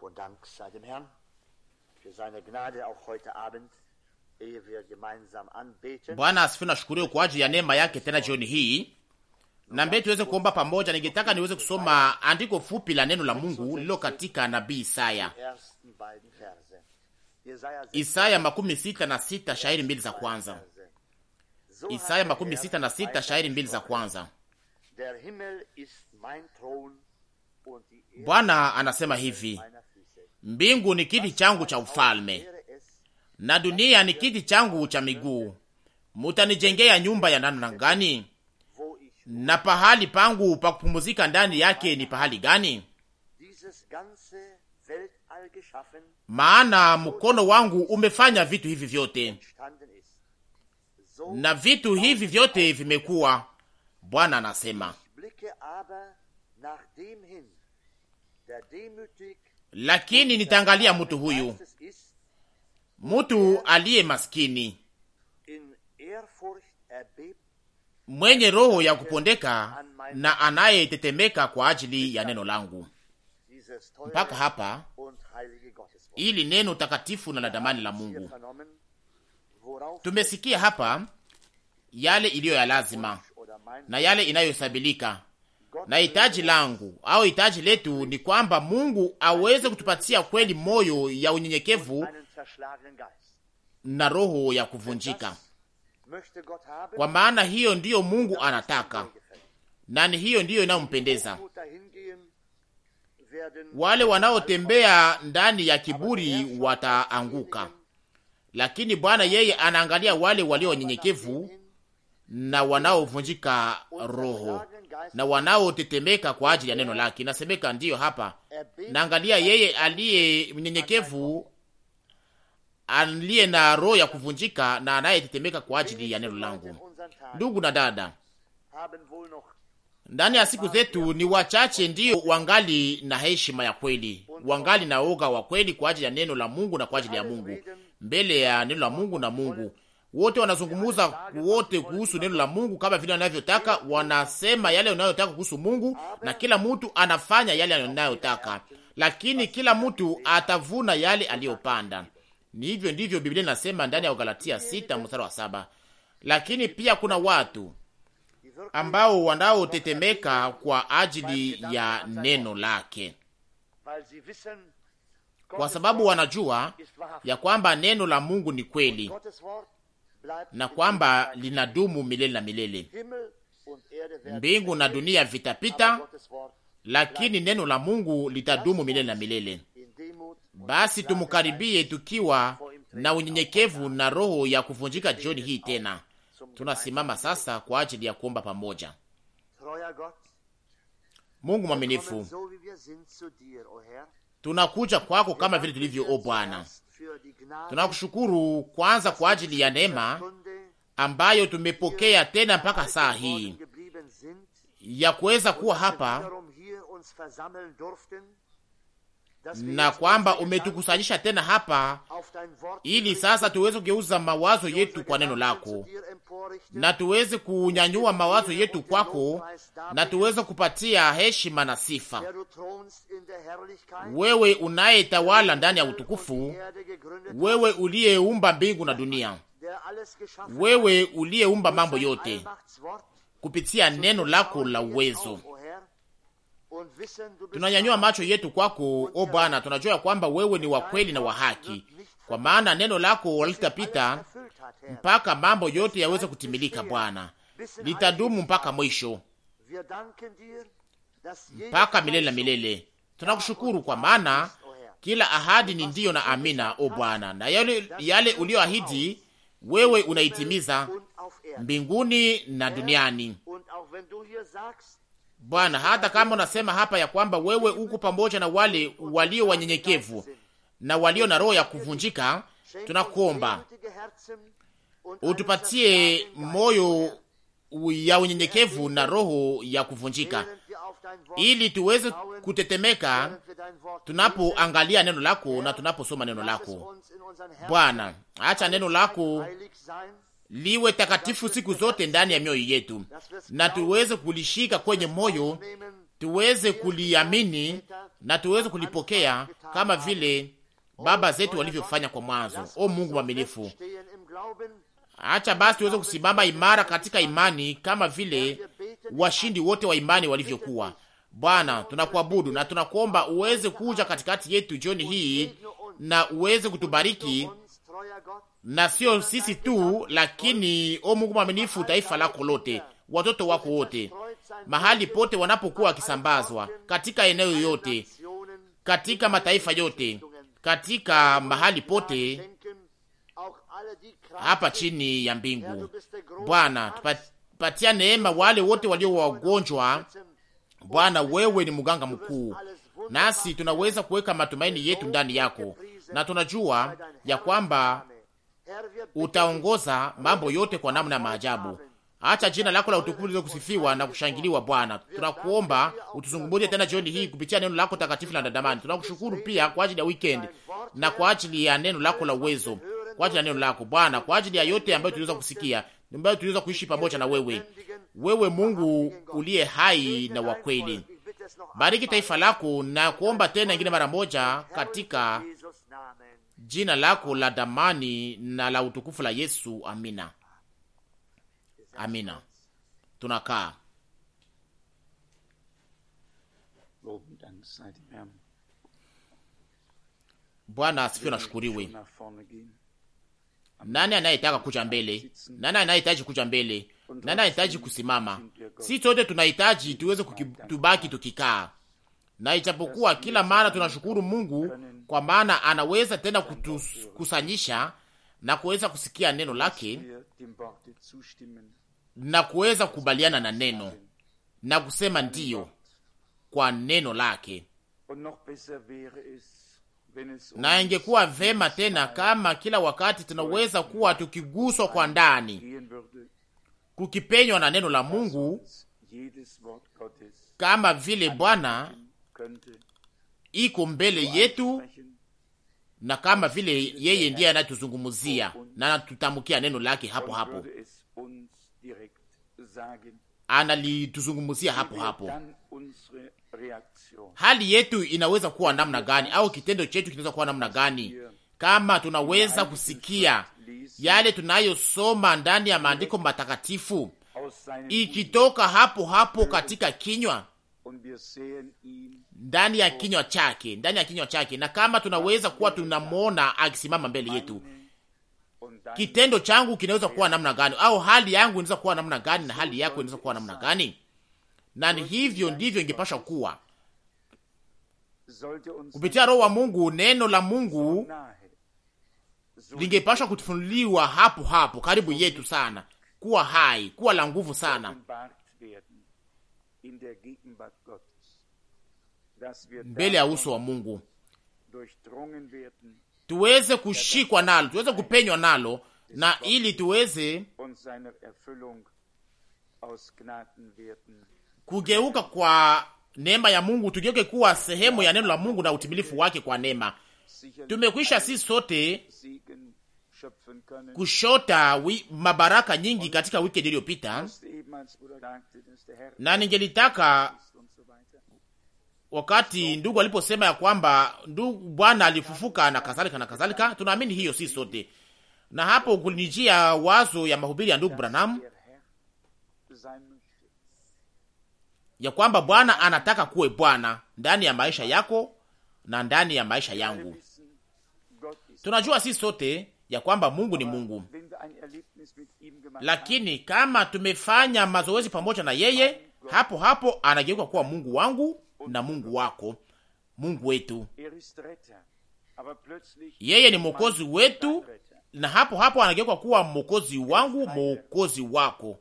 Lob und Dank sei dem Herrn für seine Gnade auch heute Abend, ehe wir gemeinsam anbeten. Bwana asifiwe na shukuriwe kwa ajili ya neema yake tena jioni hii. Na mbele tuweze kuomba pamoja, ningetaka niweze kusoma andiko fupi la neno la Mungu lilo katika nabii Isaya. Isaya makumi sita na sita shairi mbili za kwanza. Isaya makumi sita na sita shairi mbili za kwanza. Bwana anasema hivi: Mbingu ni kiti changu cha ufalme na dunia ni kiti changu cha miguu. Mutanijengea nyumba ya namna gani? Na pahali pangu pa kupumuzika ndani yake ni pahali gani? Maana mkono wangu umefanya vitu hivi vyote, na vitu hivi vyote vimekuwa. Bwana anasema lakini nitaangalia mtu huyu, mtu aliye maskini mwenye roho ya kupondeka na anayetetemeka kwa ajili ya neno langu. Mpaka hapa ili neno takatifu na la damani la Mungu tumesikia hapa yale iliyo ya lazima na yale inayosabilika na hitaji langu au hitaji letu ni kwamba Mungu aweze kutupatia kweli moyo ya unyenyekevu na roho ya kuvunjika, kwa maana hiyo ndiyo Mungu anataka na ni hiyo ndiyo inayompendeza. Wale wanaotembea ndani ya kiburi wataanguka, lakini Bwana yeye anaangalia wale walio wanyenyekevu na wanaovunjika roho na wanaotetemeka kwa ajili ya neno lake. Inasemeka ndiyo hapa, naangalia yeye aliye mnyenyekevu, aliye na roho ya kuvunjika na anayetetemeka kwa ajili ya neno langu. Ndugu na dada, ndani ya siku zetu ni wachache ndiyo wangali na heshima ya kweli, wangali na oga wa kweli kwa ajili ya neno la Mungu na kwa ajili ya Mungu, mbele ya neno la Mungu na Mungu wote wanazungumuza wote kuhusu neno la Mungu kama vile wanavyotaka, wanasema yale wanayotaka kuhusu Mungu, na kila mtu anafanya yale anayotaka, lakini kila mtu atavuna yale aliyopanda. Ni hivyo ndivyo Biblia inasema ndani ya Galatia 6 mstari wa saba. Lakini pia kuna watu ambao wanaotetemeka kwa ajili ya neno lake, kwa sababu wanajua ya kwamba neno la Mungu ni kweli na kwamba linadumu milele na milele. Mbingu na dunia vitapita, lakini neno la Mungu litadumu milele na milele. Basi tumkaribie tukiwa na unyenyekevu na roho ya kuvunjika. Jioni hii tena tunasimama sasa kwa ajili ya kuomba pamoja. Mungu mwaminifu, tunakuja kwako kama vile tulivyo, o Bwana. Tunakushukuru kwanza kwa ajili ya neema ambayo tumepokea tena mpaka saa hii ya kuweza kuwa hapa na kwamba umetukusanyisha tena hapa ili sasa tuweze kugeuza mawazo yetu kwa neno lako, na tuweze kunyanyua mawazo yetu kwako, na tuweze kupatia heshima na sifa wewe unayetawala ndani ya utukufu, wewe uliyeumba mbingu na dunia, wewe uliyeumba mambo yote kupitia neno lako la uwezo Tunanyanyua macho yetu kwako, o Bwana, tunajua kwamba wewe ni wa kweli na wa haki, kwa maana neno lako walitapita mpaka mambo yote yaweze kutimilika. Bwana, litadumu mpaka mwisho, mpaka milele na milele. Tunakushukuru kwa maana kila ahadi ni ndiyo na amina, o Bwana, na yale, yale uliyoahidi wewe unaitimiza mbinguni na duniani Bwana, hata kama unasema hapa ya kwamba wewe uko pamoja na wale walio wanyenyekevu na walio na roho ya kuvunjika, tunakuomba utupatie moyo ya unyenyekevu na roho ya kuvunjika, ili tuweze kutetemeka tunapoangalia neno lako na tunaposoma neno lako. Bwana, acha neno lako liwe takatifu siku zote ndani ya mioyo yetu, na tuweze kulishika kwenye moyo, tuweze kuliamini na tuweze kulipokea kama vile baba zetu walivyofanya kwa mwanzo. O Mungu mwaminifu, acha basi tuweze kusimama imara katika imani kama vile washindi wote wa imani walivyokuwa. Bwana, tunakuabudu na tunakuomba uweze kuja katikati yetu jioni hii na uweze kutubariki na sio sisi tu, lakini o Mungu mwaminifu, taifa lako lote, watoto wako wote, mahali pote wanapokuwa wakisambazwa, katika eneo yote, katika mataifa yote, katika mahali pote hapa chini ya mbingu. Bwana, tupatia neema wale wote walio wagonjwa. Bwana, wewe ni mganga mkuu, nasi tunaweza kuweka matumaini yetu ndani yako na tunajua ya kwamba utaongoza mambo yote kwa namna ya maajabu. Acha jina lako la utukufu liweze kusifiwa na kushangiliwa. Bwana, tunakuomba utuzungumzie tena jioni hii kupitia neno lako takatifu la ndadamani. Tunakushukuru pia kwa ajili ya weekend na kwa ajili ya neno lako la uwezo, kwa ajili ya neno lako Bwana, kwa ajili ya yote ambayo tuliweza kusikia, ambayo tuliweza kuishi pamoja na wewe. Wewe Mungu uliye hai na wa kweli, bariki taifa lako na kuomba tena ingine mara moja katika jina lako la damani na la utukufu la Yesu. Amina, amina. Tunakaa Bwana asifiwe, nashukuriwe. Nani anayetaka kuja mbele? Nani anayehitaji kuja mbele? Nani anahitaji kusimama? Si sote tunahitaji tuweze tubaki tukikaa na ijapokuwa kila mara tunashukuru Mungu kwa maana anaweza tena kutukusanyisha na kuweza kusikia neno lake na kuweza kukubaliana na neno na kusema ndiyo kwa neno lake. Na ingekuwa vema tena kama kila wakati tunaweza kuwa tukiguswa kwa ndani, kukipenywa na neno la Mungu, kama vile Bwana iko mbele yetu, na kama vile yeye ndiye anatuzungumuzia na anatutamkia neno lake hapo hapo, analituzungumuzia hapo hapo. Hali yetu inaweza kuwa namna gani, au kitendo chetu kinaweza kuwa namna gani, kama tunaweza kusikia yale tunayosoma ndani ya maandiko matakatifu ikitoka hapo hapo katika kinywa ndani ya kinywa chake, ndani ya kinywa chake, na kama tunaweza kuwa tunamwona akisimama mbele yetu, kitendo changu kinaweza kuwa namna gani, au hali yangu inaweza kuwa namna gani, na hali yako inaweza kuwa namna gani? Na hivyo ndivyo ingepasha kuwa kupitia Roho wa Mungu. Neno la Mungu lingepasha kutufunuliwa hapo hapo karibu yetu sana, kuwa hai, kuwa la nguvu sana mbele ya uso wa Mungu, tuweze kushikwa nalo, tuweze kupenywa nalo, na ili tuweze kugeuka kwa neema ya Mungu, tugeuke kuwa sehemu ya neno la Mungu na utimilifu wake kwa neema. Tumekwisha sisi sote kushota wi, mabaraka nyingi katika wikendi iliyopita, na ningelitaka wakati ndugu aliposema ya kwamba ndugu Bwana alifufuka na kadhalika na kadhalika, tunaamini hiyo si sote, na hapo kulinijia wazo ya mahubiri ya ndugu Branham ya kwamba Bwana anataka kuwe Bwana ndani ya maisha yako na ndani ya maisha yangu. Tunajua si sote ya kwamba Mungu ni Mungu, lakini kama tumefanya mazoezi pamoja na yeye, hapo hapo anageuka kuwa Mungu wangu na Mungu wako, Mungu wetu. Yeye ni mwokozi wetu, na hapo hapo anageuka kuwa mwokozi wangu, mwokozi wako.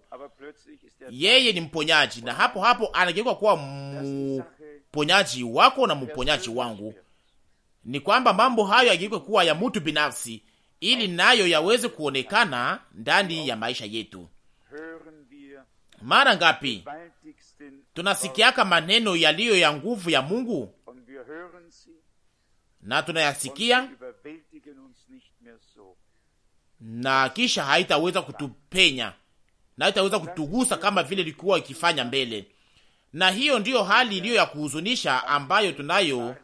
Yeye ni mponyaji, na hapo hapo anageuka kuwa mponyaji wako na mponyaji wangu. Ni kwamba mambo hayo yageuke kuwa ya mtu binafsi ili nayo yaweze kuonekana ndani ya maisha yetu. Mara ngapi tunasikiaka maneno yaliyo ya nguvu ya Mungu na tunayasikia na kisha haitaweza kutupenya na haitaweza kutugusa kama vile ilikuwa ikifanya mbele, na hiyo ndiyo hali iliyo ya kuhuzunisha ambayo tunayo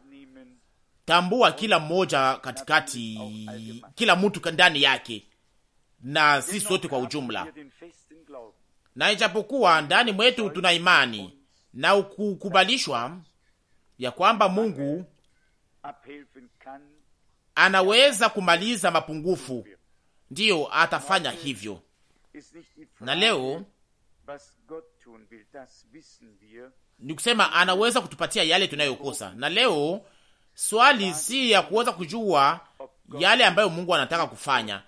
tambua kila mmoja katikati, kila mtu ndani yake na sisi sote kwa ujumla. Na ijapokuwa ndani mwetu tuna imani na ukukubalishwa ya kwamba Mungu anaweza kumaliza mapungufu, ndiyo atafanya hivyo. Na leo ni kusema anaweza kutupatia yale tunayokosa, na leo Swali si ya kuweza kujua yale ambayo Mungu anataka kufanya,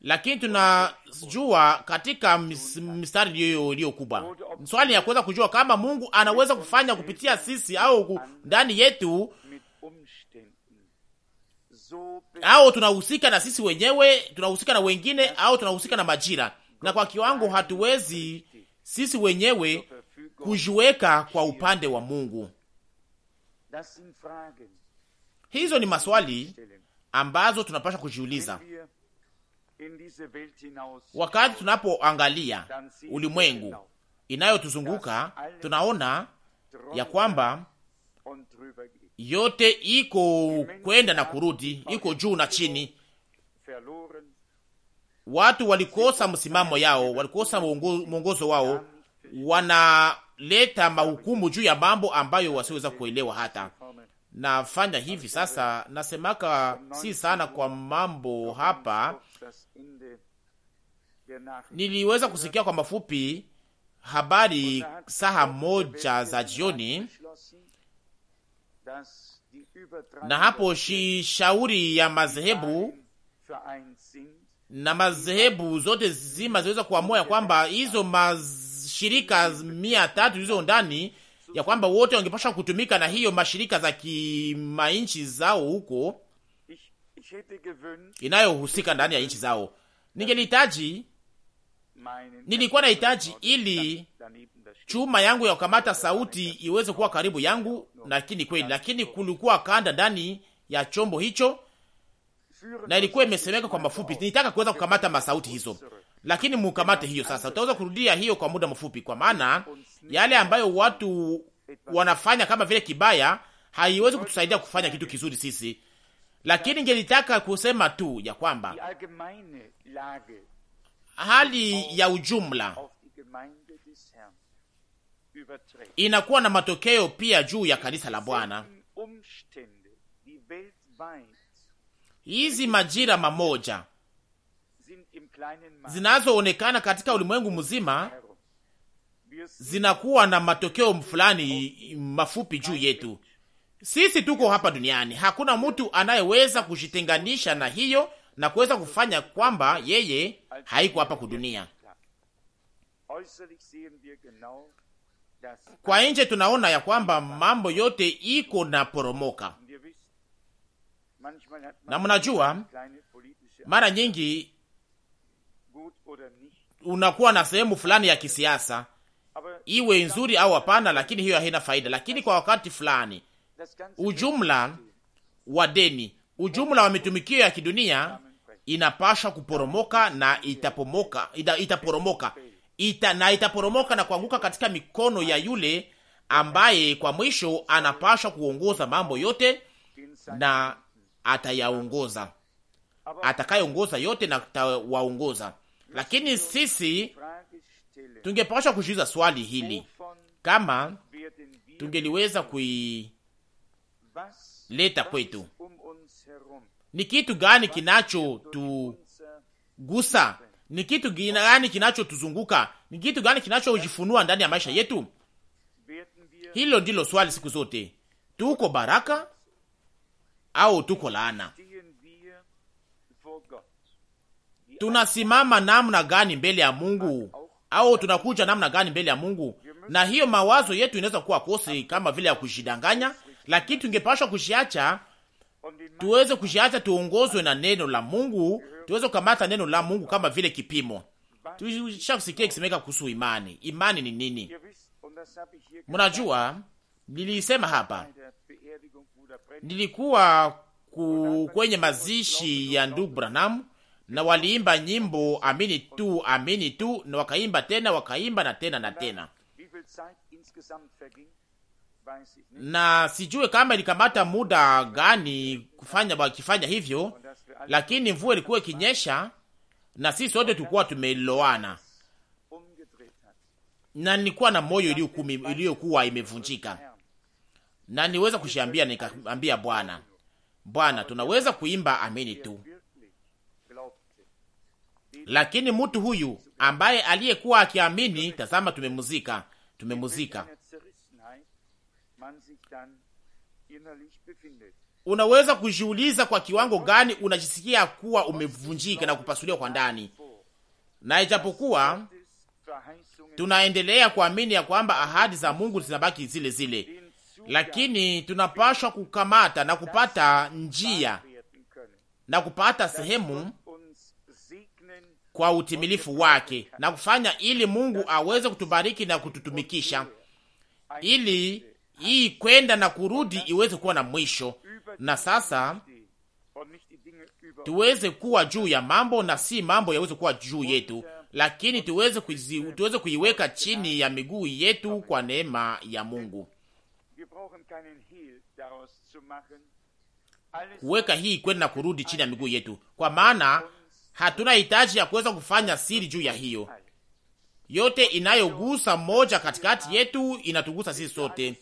lakini tunajua katika mistari iliyo kubwa. Swali ya kuweza kujua kama Mungu anaweza kufanya kupitia sisi au ndani yetu au tunahusika na sisi wenyewe, tunahusika na wengine, au tunahusika na majira. Na kwa kiwango hatuwezi sisi wenyewe kujiweka kwa upande wa Mungu. Hizo ni maswali ambazo tunapasha kujiuliza wakati tunapoangalia ulimwengu inayotuzunguka. Tunaona ya kwamba yote iko kwenda na kurudi, iko juu na chini. Watu walikosa msimamo yao, walikosa mwongozo wao, wanaleta mahukumu juu ya mambo ambayo wasiweza kuelewa hata nafanya hivi sasa, nasemaka si sana kwa mambo hapa. Niliweza kusikia kwa mafupi habari saha moja za jioni, na hapo shi shauri ya madhehebu na madhehebu zote zima ziweza kuamua ya kwamba hizo mashirika mia tatu hizo ndani ya kwamba wote wangepasha kutumika na hiyo mashirika za kimanchi zao huko inayohusika ndani ya nchi zao. Ningelihitaji, nilikuwa na hitaji ili chuma yangu ya kukamata sauti iweze kuwa karibu yangu, lakini kweli, lakini kulikuwa kanda ndani ya chombo hicho na ilikuwa imesemeka kwa mafupi. Nitaka kuweza kukamata masauti hizo, lakini mukamate hiyo sasa. Utaweza kurudia hiyo kwa muda mfupi, kwa maana yale ambayo watu wanafanya kama vile kibaya haiwezi kutusaidia kufanya kitu kizuri sisi, lakini ngelitaka kusema tu ya kwamba hali ya ujumla inakuwa na matokeo pia juu ya kanisa la Bwana. Hizi majira mamoja zinazoonekana katika ulimwengu mzima zinakuwa na matokeo fulani mafupi juu yetu. Sisi tuko hapa duniani, hakuna mtu anayeweza kujitenganisha na hiyo na kuweza kufanya kwamba yeye haiko hapa kudunia. Kwa nje tunaona ya kwamba mambo yote iko na poromoka, na mnajua mara nyingi unakuwa na sehemu fulani ya kisiasa, iwe nzuri au hapana, lakini hiyo haina faida. Lakini kwa wakati fulani, ujumla wa deni, ujumla wa mitumikio ya kidunia inapasha kuporomoka na itapomoka, ita, itaporomoka ita, na itaporomoka na kuanguka katika mikono ya yule ambaye kwa mwisho anapasha kuongoza mambo yote na atayaongoza, atakayeongoza yote na atawaongoza lakini sisi tungepashwa kujiuliza swali hili kama tungeliweza kuileta kwetu, ni kitu gani kinachotugusa? Ni kitu gani kinachotuzunguka? Ni kitu gani kinachojifunua ndani ya maisha yetu? Hilo ndilo swali siku zote, tuko baraka au tuko laana? tunasimama namna gani mbele ya Mungu au tunakuja namna gani mbele ya Mungu. Na hiyo mawazo yetu inaweza kuwa kosi kama vile ya kujidanganya, lakini tungepashwa kushiacha, tuweze kushiacha, tuongozwe na neno la Mungu, tuweze kukamata neno la Mungu kama vile kipimo. Tulishakusikia kisemeka kuhusu imani. Imani ni nini? Mnajua, nilisema hapa, nilikuwa ku, kwenye mazishi ya ndugu Branham na waliimba nyimbo amini tu amini tu, na wakaimba tena wakaimba na tena na tena, na sijue kama ilikamata muda gani kufanya wakifanya hivyo, lakini mvua ilikuwa ikinyesha na sisi sote tulikuwa tumeloana, na nilikuwa na moyo iliyokuwa imevunjika, na niweza kushiambia nikaambia Bwana, Bwana, tunaweza kuimba amini tu lakini mtu huyu ambaye aliyekuwa akiamini, tazama, tumemuzika, tumemuzika. Unaweza kujiuliza kwa kiwango gani unajisikia kuwa umevunjika na kupasuliwa kwa ndani, na ijapokuwa tunaendelea kuamini ya kwamba ahadi za Mungu zinabaki zile zile, lakini tunapashwa kukamata na kupata njia na kupata sehemu kwa utimilifu wake na kufanya ili Mungu aweze kutubariki na kututumikisha ili hii kwenda na kurudi iweze kuwa na mwisho, na sasa tuweze kuwa juu ya mambo na si mambo yaweze kuwa juu yetu, lakini tuweze kuizi, tuweze kuiweka chini ya miguu yetu kwa neema ya Mungu, kuweka hii kwenda na kurudi chini ya miguu yetu, kwa maana hatuna hitaji ya kuweza kufanya siri juu ya hiyo yote. Inayogusa mmoja katikati yetu inatugusa sisi sote,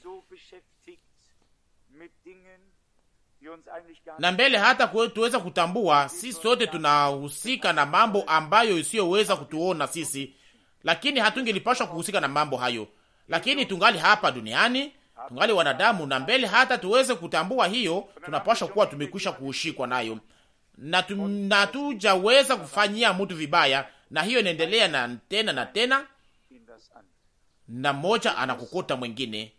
na mbele hata tuweza kutambua, sisi sote tunahusika na mambo ambayo isiyoweza kutuona sisi, lakini hatungelipashwa kuhusika na mambo hayo, lakini tungali hapa duniani tungali wanadamu, na mbele hata tuweze kutambua hiyo, tunapashwa kuwa tumekwisha kuushikwa nayo na hatujaweza kufanyia mtu vibaya, na hiyo inaendelea na tena na tena, na mmoja anakukuta mwingine.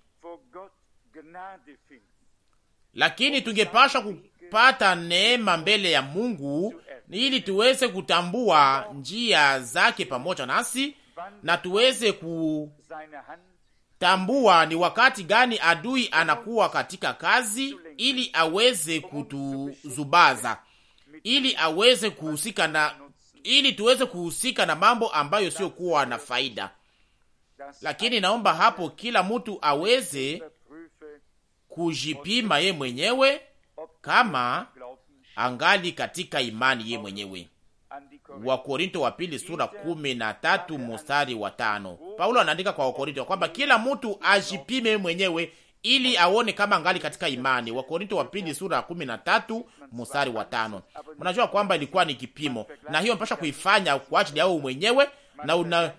Lakini tungepasha kupata neema mbele ya Mungu ili tuweze kutambua njia zake pamoja nasi na tuweze kutambua ni wakati gani adui anakuwa katika kazi ili aweze kutuzubaza ili aweze kuhusika na ili tuweze kuhusika na mambo ambayo sio kuwa na faida, lakini naomba hapo kila mtu aweze kujipima ye mwenyewe kama angali katika imani ye mwenyewe. Wakorinto wa pili sura kumi na tatu mustari wa tano Paulo anaandika kwa Wakorinto kwamba kila mtu ajipime mwenyewe ili aone kama ngali katika imani. Wakorinto wa pili sura ya kumi na tatu mstari wa tano. Unajua kwamba ilikuwa ni kipimo, na hiyo mpasha kuifanya kwa ajili yao mwenyewe, na una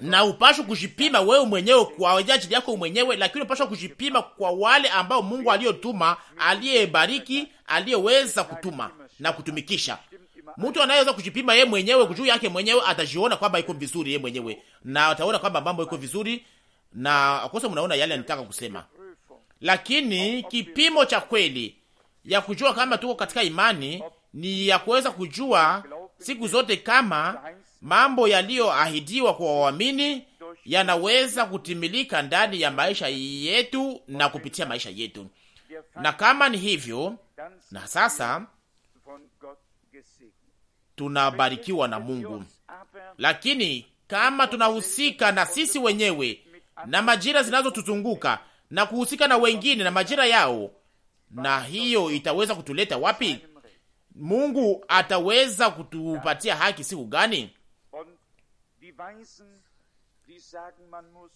na upasha kujipima wewe mwenyewe kwa ajili yako mwenyewe, lakini unapaswa kujipima kwa wale ambao Mungu aliyotuma, aliyebariki, aliyeweza kutuma na kutumikisha. Mtu anayeweza kujipima yeye mwenyewe juu yake mwenyewe, atajiona kwamba iko vizuri yeye mwenyewe, na ataona kwamba mambo iko vizuri na akosa, mnaona yale nitaka kusema, lakini kipimo cha kweli ya kujua kama tuko katika imani ni ya kuweza kujua siku zote kama mambo yaliyoahidiwa kwa waamini yanaweza kutimilika ndani ya maisha yetu na kupitia maisha yetu. Na kama ni hivyo, na sasa tunabarikiwa na Mungu. Lakini kama tunahusika na sisi wenyewe na majira zinazotuzunguka na kuhusika na wengine na majira yao, na hiyo itaweza kutuleta wapi? Mungu ataweza kutupatia haki siku gani?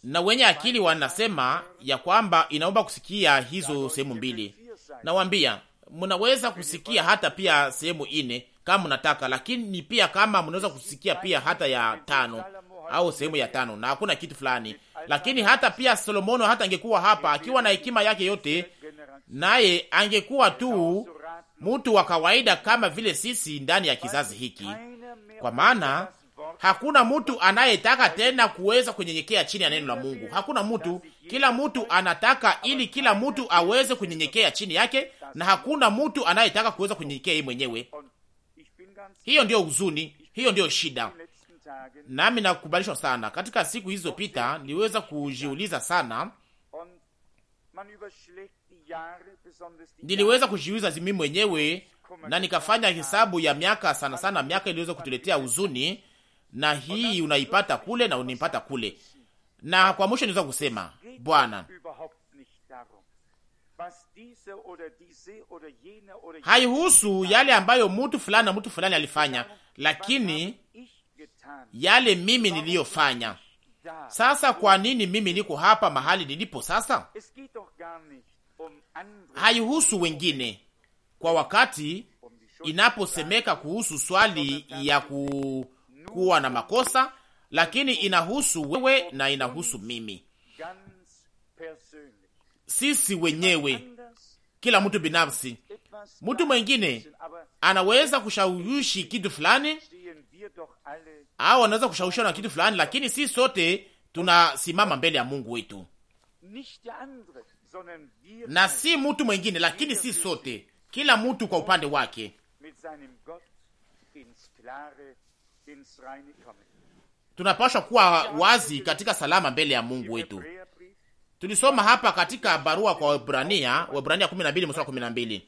Na wenye akili wanasema ya kwamba inaomba kusikia hizo sehemu mbili. Nawambia mnaweza kusikia hata pia sehemu ine kama mnataka, lakini pia kama mnaweza kusikia pia hata ya tano au sehemu ya tano, na hakuna kitu fulani lakini hata pia Solomono hata angekuwa hapa akiwa na hekima yake yote, naye angekuwa tu mtu wa kawaida kama vile sisi ndani ya kizazi hiki, kwa maana hakuna mtu anayetaka tena kuweza kunyenyekea chini ya neno la Mungu. Hakuna mtu, kila mtu anataka ili kila mtu aweze kunyenyekea chini yake, na hakuna mtu anayetaka kuweza kunyenyekea yeye mwenyewe. Hiyo ndiyo huzuni, hiyo ndiyo shida nami nakubalishwa sana. Katika siku pita, niliweza kujiuliza sana, niliweza kujiuliza zimi mwenyewe na nikafanya hesabu ya miaka sana sana, miaka iliweza kutuletea huzuni, na hii unaipata kule na unaipata kule, na kwa mwisho niweza kusema Bwana, haihusu yale ambayo mtu fulani na mtu fulani alifanya, lakini yale mimi niliyofanya. Sasa kwa nini mimi niko hapa mahali nilipo sasa? Haihusu wengine. Kwa wakati inaposemeka kuhusu swali ya ku, kuwa na makosa, lakini inahusu wewe na inahusu mimi, sisi wenyewe, kila mtu binafsi. Mtu mwengine anaweza kushawishi kitu fulani au wanaweza kushawishiwa na kitu fulani, lakini si sote tunasimama mbele ya Mungu wetu na si mtu mwengine, lakini si sote, kila mtu kwa upande wake tunapashwa kuwa wazi katika salama mbele ya Mungu wetu. Tulisoma hapa katika barua kwa Waebrania, Waebrania 12 mstari 12,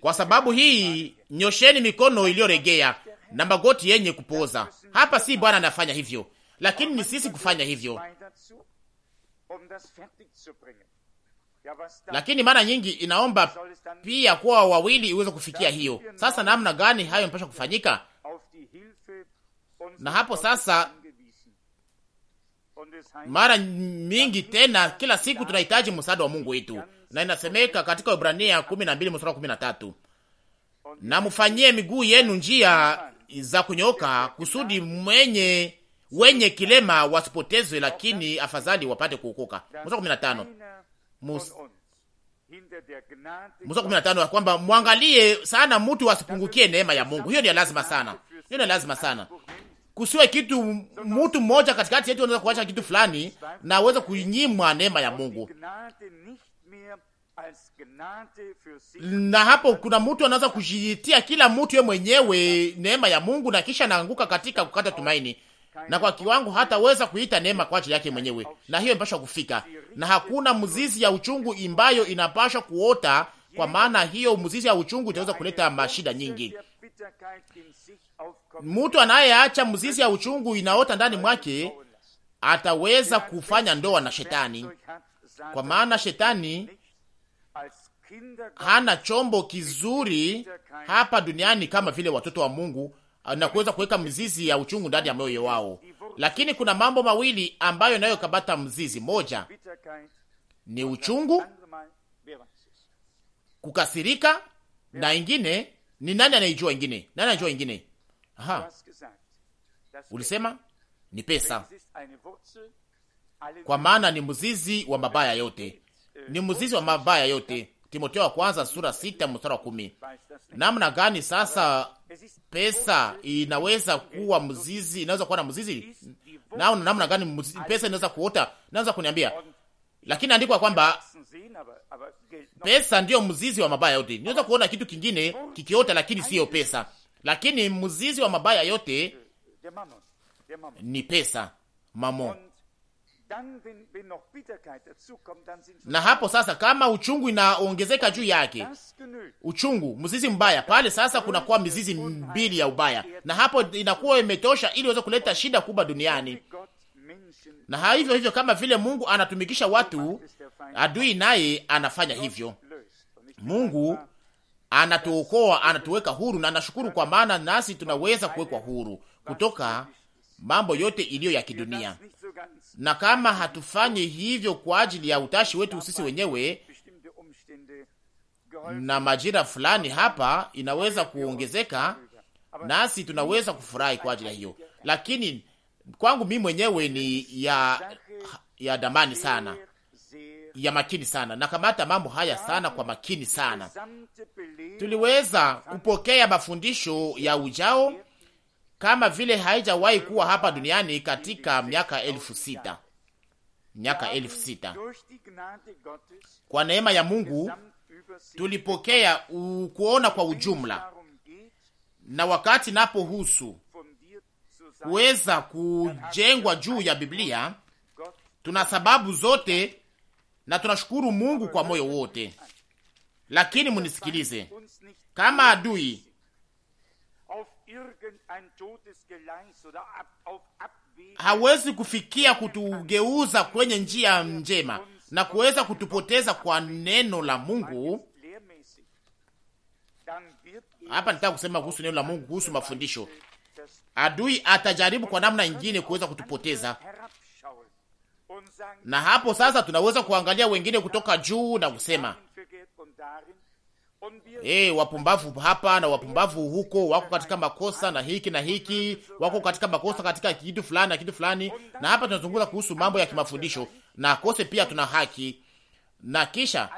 kwa sababu hii nyosheni mikono iliyoregea na magoti yenye kupoza. Hapa si Bwana anafanya hivyo, lakini ni sisi kufanya hivyo. Lakini mara nyingi inaomba pia kuwa wawili iweze kufikia hiyo. Sasa namna gani hayo mpasha kufanyika? Na hapo sasa, mara mingi tena, kila siku tunahitaji msaada wa Mungu wetu, na inasemeka katika Ibrania 12:13 namfanyie na miguu yenu njia za kunyoka, kusudi mwenye wenye kilema wasipotezwe, lakini afadhali wapate kuokoka. Musa 15 Musa tano ya kwamba mwangalie sana mtu asipungukie neema ya Mungu. Hiyo ni lazima sana, hiyo ni lazima sana. Kusiwe kitu mtu mmoja katikati yetu anaweza kuacha kitu fulani na aweze kunyimwa neema ya Mungu na hapo kuna mtu anaweza kujitia kila mtu ye mwenyewe neema ya Mungu na kisha naanguka katika kukata tumaini, na kwa kiwango hataweza kuita neema kwa ajili yake mwenyewe, na hiyo inapasha kufika, na hakuna mzizi ya uchungu imbayo inapasha kuota, kwa maana hiyo mzizi ya uchungu itaweza kuleta mashida nyingi. Mtu anayeacha mzizi ya uchungu inaota ndani mwake ataweza kufanya ndoa na shetani, kwa maana shetani hana chombo kizuri hapa duniani kama vile watoto wa Mungu uh, na kuweza kuweka mzizi ya uchungu ndani ya moyo wao. Lakini kuna mambo mawili ambayo nayo kabata mzizi, moja ni uchungu, kukasirika, na ingine ni nani anaijua ingine? Nani anajua ingine? Aha. Ulisema ni pesa, kwa maana ni mzizi wa mabaya yote, ni mzizi wa mabaya yote. Timotheo wa kwanza sura sita mstari wa kumi. Namna gani sasa pesa inaweza kuwa mzizi, inaweza kuwa na mzizi na namna gani mzizi, pesa inaweza kuota? Naweza kuniambia, lakini andikwa kwamba pesa ndiyo mzizi wa mabaya yote. Niweza kuona kitu kingine kikiota, lakini siyo pesa, lakini mzizi wa mabaya yote ni pesa, mamon na hapo sasa, kama uchungu inaongezeka juu yake, uchungu mzizi mbaya pale, sasa kunakuwa mizizi mbili ya ubaya, na hapo inakuwa imetosha ili iweze kuleta shida kubwa duniani. Na hivyo hivyo, kama vile Mungu anatumikisha watu, adui naye anafanya hivyo. Mungu anatuokoa, anatuweka huru, na nashukuru kwa maana nasi tunaweza kuwekwa huru kutoka mambo yote iliyo ya kidunia na kama hatufanyi hivyo kwa ajili ya utashi wetu sisi wenyewe na majira fulani hapa inaweza kuongezeka, nasi tunaweza kufurahi kwa ajili ya hiyo, lakini kwangu mi mwenyewe ni ya ya damani sana, ya makini sana. Nakamata mambo haya sana kwa makini sana. Tuliweza kupokea mafundisho ya ujao kama vile haijawahi kuwa hapa duniani katika miaka elfu sita miaka elfu sita. Kwa neema ya Mungu tulipokea kuona kwa ujumla, na wakati napohusu kuweza kujengwa juu ya Biblia, tuna sababu zote na tunashukuru Mungu kwa moyo wote. Lakini munisikilize, kama adui hawezi kufikia kutugeuza kwenye njia njema na kuweza kutupoteza kwa neno la Mungu. Er Hapa nitaka kusema kuhusu neno la Mungu, kuhusu mafundisho. Adui atajaribu kwa namna ingine kuweza kutupoteza, na hapo sasa tunaweza kuangalia wengine kutoka juu na kusema E, wapumbavu hapa na wapumbavu huko, wako katika makosa na hiki na hiki, wako katika makosa katika kitu fulani na kitu fulani. Na hapa tunazungumza kuhusu mambo ya kimafundisho na kose, pia tuna haki na kisha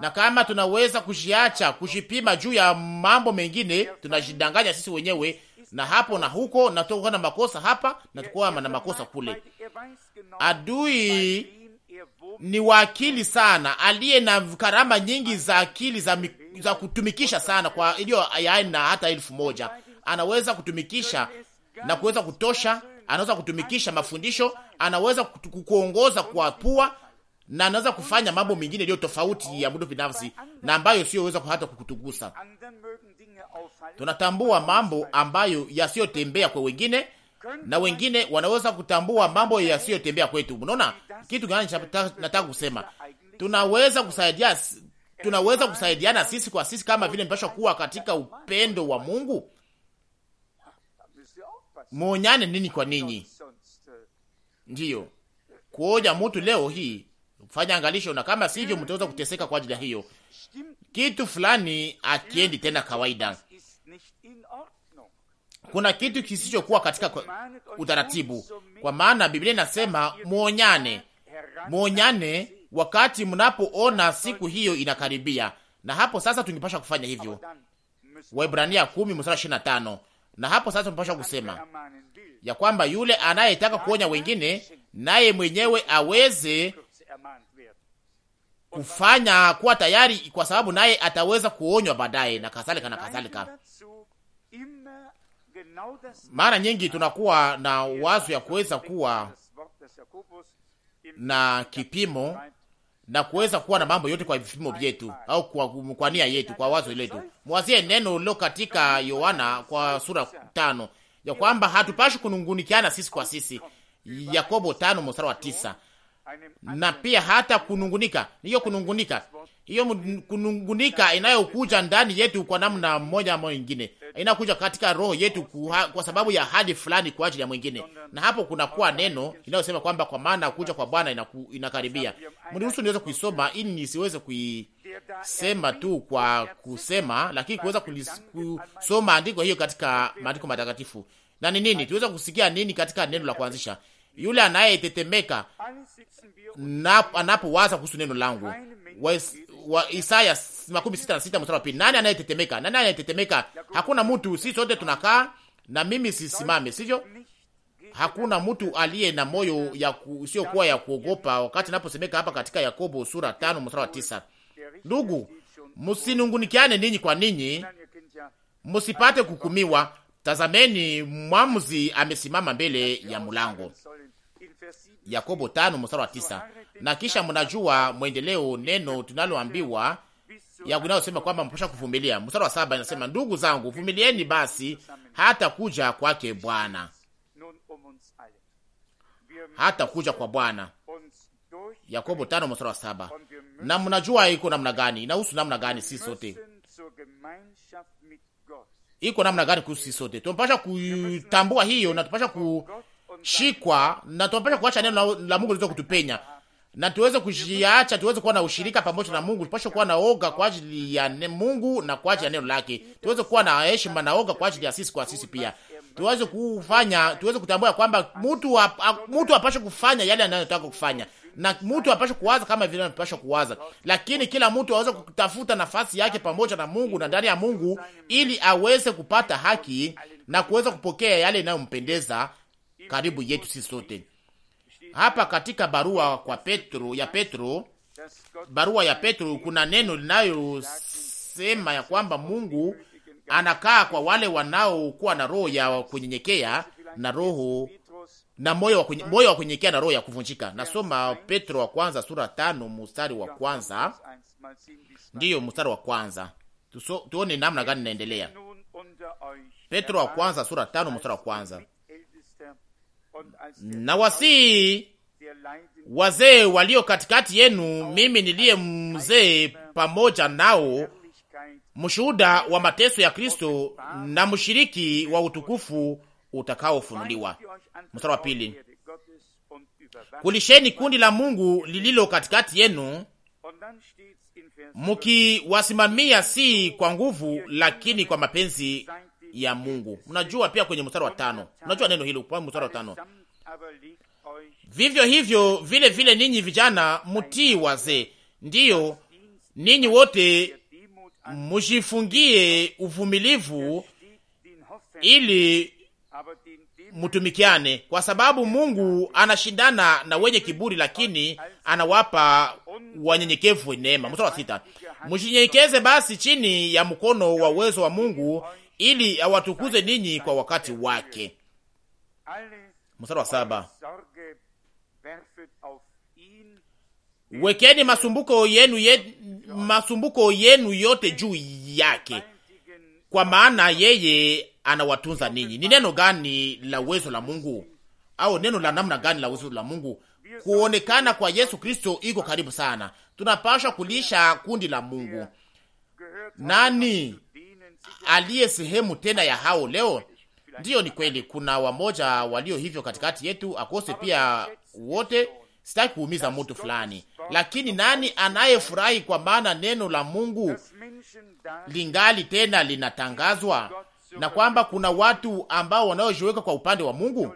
na kama tunaweza kushiacha kushipima juu ya mambo mengine, tunajidanganya sisi wenyewe, na hapo na huko, na tunakuwa na makosa hapa na tukuwa na makosa kule. Adui ni wa akili sana, aliye na karama nyingi za akili za, za kutumikisha sana kwa iliyo na hata elfu moja anaweza kutumikisha na kuweza kutosha, anaweza kutumikisha mafundisho, anaweza kuongoza kwa pua na anaweza kufanya mambo mengine iliyo tofauti ya mtu binafsi na ambayo siyoweza hata kukutugusa. Tunatambua mambo ambayo yasiyotembea kwa wengine na wengine wanaweza kutambua mambo yasiyotembea kwetu. Unaona kitu gani nataka kusema? Tunaweza kusaidia, tunaweza kusaidiana sisi kwa sisi, kama vile mpashwa kuwa katika upendo wa Mungu. Muonyane nini kwa ninyi, ndiyo kuoja mtu leo hii, fanya angalisho, na kama sivyo mtaweza kuteseka kwa ajili ya hiyo. Kitu fulani akiendi tena kawaida kuna kitu kisichokuwa katika utaratibu, kwa maana Biblia inasema muonyane, muonyane wakati mnapoona siku hiyo inakaribia. Na hapo sasa tungepasha kufanya hivyo, Waebrania 10 Na hapo sasa tungepasha kusema ya kwamba yule anayetaka kuonya wengine naye mwenyewe aweze kufanya kuwa tayari, kwa sababu naye ataweza kuonywa baadaye, na kadhalika na kadhalika. Mara nyingi tunakuwa na wazo ya kuweza kuwa na kipimo na kuweza kuwa na mambo yote kwa vipimo vyetu au kwa, kwa nia yetu kwa wazo letu. Mwazie neno lilo katika Yohana kwa sura tano ya kwamba hatupashi kunungunikiana sisi kwa sisi, Yakobo tano mstari wa tisa na pia hata kunungunika. Hiyo kunungunika, hiyo kunungunika inayokuja ndani yetu kwa namna moja ama nyingine, inakuja katika roho yetu kuha, kwa sababu ya hadi fulani kwa ajili ya mwingine, na hapo kunakuwa neno inayosema kwamba kwa maana kuja kwa Bwana inaku, inakaribia. Mniruhusu niweze kuisoma ili nisiweze kuisema tu kwa kusema, lakini kuweza kusoma andiko hiyo katika maandiko matakatifu na ni nini tuweza kusikia nini katika neno la kuanzisha yule anayetetemeka na anapowaza kuhusu neno langu. Isaya makumi sita na sita mstari wa pili. Nani anayetetemeka? Nani anayetetemeka? Hakuna mtu, si sote tunakaa na mimi sisimame, sivyo? Hakuna mtu aliye na moyo usiokuwa ya kuogopa, wakati naposemeka hapa katika Yakobo sura tano mstari wa tisa. Ndugu, msinungunikiane ninyi kwa ninyi, msipate kukumiwa. Tazameni, mwamuzi amesimama mbele ya mlango. Yakobo tano mstari wa tisa. Na kisha mnajua mwendeleo neno tunaloambiwa ya inayosema kwamba mpasha kuvumilia. Mstari wa saba inasema ndugu zangu, vumilieni basi hata kuja kwake Bwana, hata kuja kwa Bwana. Yakobo tano mstari wa saba. Na mnajua iko namna gani, inahusu namna gani sisi sote iko namna gani kuhusu sisi sote. Tunapasha kutambua hiyo na tupasha ku shikwa na tuwapasha kuacha neno la Mungu liweze kutupenya na tuweze kujiacha, tuweze kuwa na ushirika pamoja na Mungu. Tupashe kuwa na oga kwa ajili ya ne Mungu na kwa ajili ya neno lake, tuweze kuwa na heshima na oga kwa ajili ya sisi kwa sisi pia, tuweze kufanya, tuweze kutambua kwamba mtu mtu apashe kufanya yale anayotaka kufanya na mtu apashe kuwaza kama vile anapashe kuwaza, lakini kila mtu aweze kutafuta nafasi yake pamoja na Mungu na ndani ya Mungu, ili aweze kupata haki na kuweza kupokea yale inayompendeza karibu yetu sisi sote. Hapa katika barua kwa Petro ya Petro, barua ya Petro, kuna neno linayosema ya kwamba Mungu anakaa kwa wale wanaokuwa na roho ya kunyenyekea na roho na moyo wa kunye, moyo wa kunyenyekea na roho ya kuvunjika. Nasoma Petro wa kwanza sura tano mstari wa kwanza ndiyo mstari wa kwanza. Tuso, tuone namna gani naendelea. Petro wa kwanza sura tano mstari wa kwanza na wasii wazee walio katikati yenu, mimi niliye mzee pamoja nao, mshuhuda wa mateso ya Kristo na mshiriki wa utukufu utakaofunuliwa. Mstari wa pili, kulisheni kundi la Mungu lililo katikati yenu, mukiwasimamia si kwa nguvu, lakini kwa mapenzi ya Mungu. Mnajua pia kwenye mstari wa tano, mnajua neno hilo kwa mstari wa tano, vivyo hivyo vile vile ninyi vijana mtii wazee, ndiyo ninyi wote mushifungie uvumilivu ili mutumikiane, kwa sababu Mungu anashindana na wenye kiburi, lakini anawapa wanyenyekevu neema. Mstari wa sita, mshinyenyekeze basi chini ya mkono wa uwezo wa Mungu ili awatukuze ninyi kwa wakati wake. Mstari wa saba. Wekeni masumbuko yenu, ye, masumbuko yenu yote juu yake, kwa maana yeye anawatunza ninyi. Ni neno gani la uwezo la Mungu au neno la namna gani la uwezo la Mungu? Kuonekana kwa Yesu Kristo iko karibu sana. tunapashwa kulisha kundi la Mungu. Nani aliye sehemu tena ya hao leo. Ndiyo, ni kweli, kuna wamoja walio hivyo katikati yetu, akose pia wote. Sitaki kuumiza mtu fulani, lakini nani anayefurahi? Kwa maana neno la Mungu lingali tena linatangazwa na kwamba kuna watu ambao wanaojiweka kwa upande wa Mungu.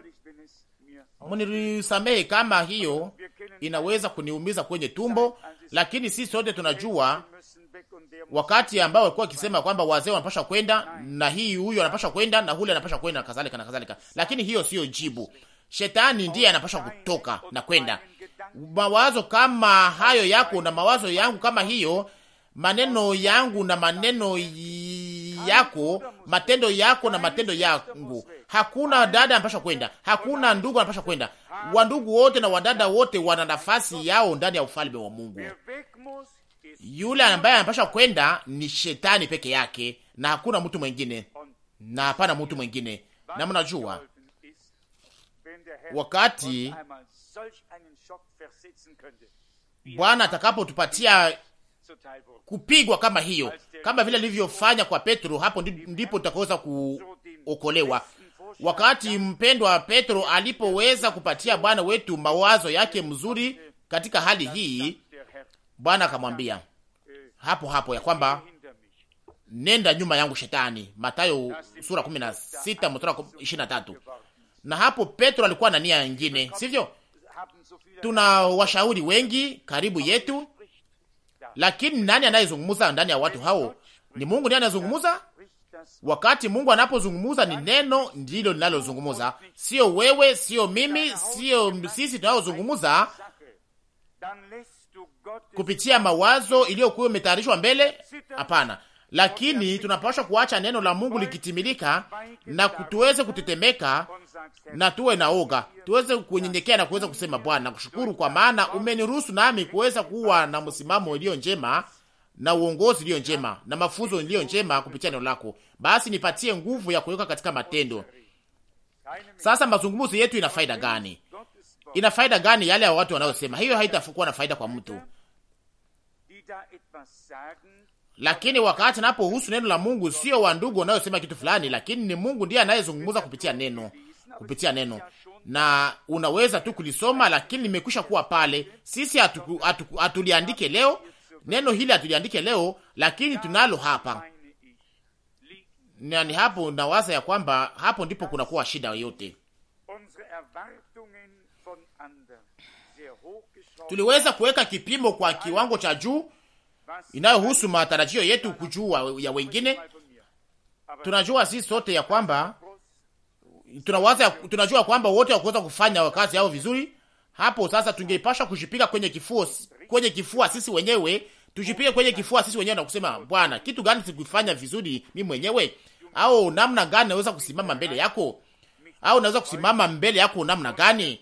Mnisamehe kama hiyo inaweza kuniumiza kwenye tumbo, lakini sisi sote tunajua wakati ambao walikuwa wakisema kwamba wazee wanapasha kwenda na hii huyo anapasha kwenda na hule anapasha kwenda na kadhalika na kadhalika, lakini hiyo siyo jibu. Shetani ndiye anapasha kutoka na kwenda. Mawazo kama hayo yako na mawazo yangu kama hiyo, maneno yangu na maneno yako, matendo yako na matendo yangu. Hakuna dada anapasha kwenda, hakuna ndugu anapasha kwenda. Wandugu wote na wadada wote wana nafasi yao ndani ya ufalme wa Mungu yule ambaye anapasha kwenda ni shetani peke yake, na hakuna mtu mwengine, na hapana mtu mwengine. Na mnajua wakati Bwana atakapotupatia kupigwa kama hiyo, kama vile alivyofanya kwa Petro, hapo ndipo tutakaweza kuokolewa. Wakati mpendwa Petro alipoweza kupatia Bwana wetu mawazo yake mzuri katika hali hii, Bwana akamwambia hapo hapo ya kwamba nenda nyuma yangu Shetani, Mathayo sura 16 mstari 23. Na hapo Petro alikuwa na nia nyingine, sivyo? Tuna washauri wengi karibu yetu, lakini nani anayezungumza ndani ya watu hao? Ni Mungu ndiye anayezungumza. Wakati Mungu anapozungumza, ni neno ndilo linalozungumza, sio wewe, sio mimi, sio sisi tunaozungumza kupitia mawazo iliyokuwa imetayarishwa mbele? Hapana, lakini tunapaswa kuacha neno la Mungu likitimilika na tuweze kutetemeka na tuwe na oga, tuweze kunyenyekea na kuweza kusema Bwana, nakushukuru kwa maana umeniruhusu nami kuweza kuwa na msimamo iliyo njema na uongozi iliyo njema na mafunzo iliyo njema kupitia neno lako. Basi nipatie nguvu ya kuweka katika matendo. Sasa mazungumzo yetu ina faida gani? Ina faida gani yale ya watu wanaosema? Hiyo haitakuwa na faida kwa mtu. Lakini wakati napohusu neno la Mungu, sio wandugu wanayosema kitu fulani, lakini ni Mungu ndiye anayezungumza kupitia neno, kupitia neno, na unaweza tu kulisoma, lakini limekwisha kuwa pale. Sisi hatuliandike leo neno hili, hatuliandike leo, lakini tunalo hapa. Nani hapo, nawaza ya kwamba hapo ndipo kunakuwa shida yote. Tuliweza kuweka kipimo kwa kiwango cha juu inayohusu matarajio yetu kujua ya wengine. Tunajua sisi sote ya kwamba tunawaza, tunajua kwamba wote wakuweza kufanya kazi yao vizuri. Hapo sasa tungeipasha kujipiga kwenye kifua, kwenye kifua sisi wenyewe, tujipige kwenye kifua sisi wenyewe na kusema, Bwana, kitu gani sikufanya vizuri mimi mwenyewe? Au namna gani naweza kusimama mbele yako? Au naweza kusimama mbele yako namna gani?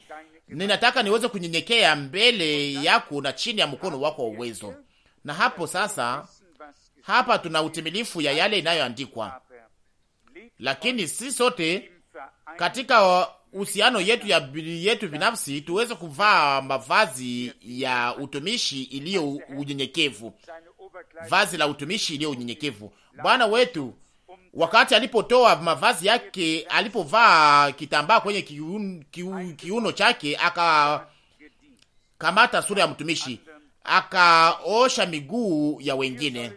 Ninataka niweze kunyenyekea mbele yako na chini ya mkono wako wa uwezo. Na hapo sasa, hapa tuna utimilifu ya yale inayoandikwa, lakini si sote katika uhusiano yetu ya yetu binafsi tuweze kuvaa mavazi ya utumishi iliyo unyenyekevu, vazi la utumishi iliyo unyenyekevu. Bwana wetu wakati alipotoa mavazi yake, alipovaa kitambaa kwenye kiuno, kiuno chake, akakamata sura ya mtumishi akaosha miguu ya wengine.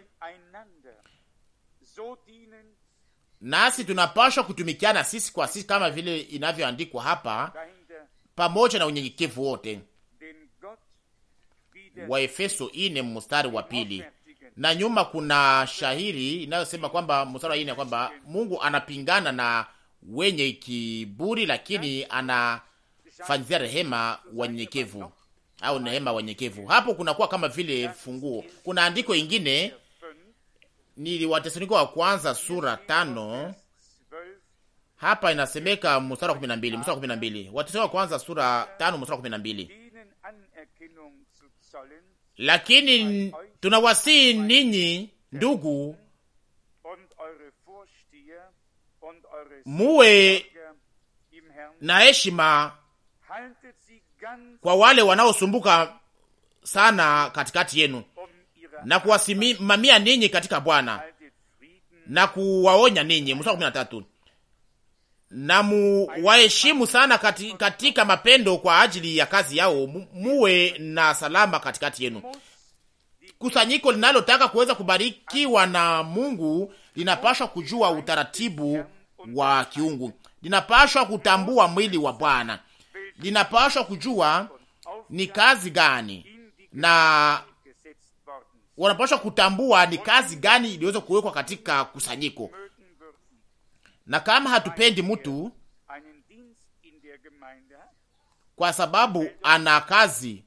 Nasi tunapashwa kutumikiana sisi kwa sisi kama vile inavyoandikwa hapa, pamoja na unyenyekevu wote. Waefeso ine mstari wa pili. Na nyuma kuna shahiri inayosema kwamba mstari wa ine kwamba Mungu anapingana na wenye kiburi, lakini anafanyizia rehema wanyenyekevu au neema wanyenyekevu. Hapo kunakuwa kama vile funguo. Kuna andiko ingine ni Wathesalonike wa kwanza sura tano, hapa inasemeka mstari wa 12, mstari wa mbili Wathesalonike wa kwanza sura tano mstari wa mbili lakini tunawasii ninyi ndugu, muwe na heshima kwa wale wanaosumbuka sana katikati yenu na kuwasimamia ninyi katika Bwana na kuwaonya ninyi. Mstari kumi na tatu, na muwaheshimu sana kati, katika mapendo kwa ajili ya kazi yao, muwe na salama katikati yenu. Kusanyiko linalotaka kuweza kubarikiwa na Mungu linapashwa kujua utaratibu wa kiungu, linapashwa kutambua mwili wa Bwana linapashwa kujua ni kazi gani, na wanapashwa kutambua ni kazi gani iliweza kuwekwa katika kusanyiko. Na kama hatupendi mtu kwa sababu ana kazi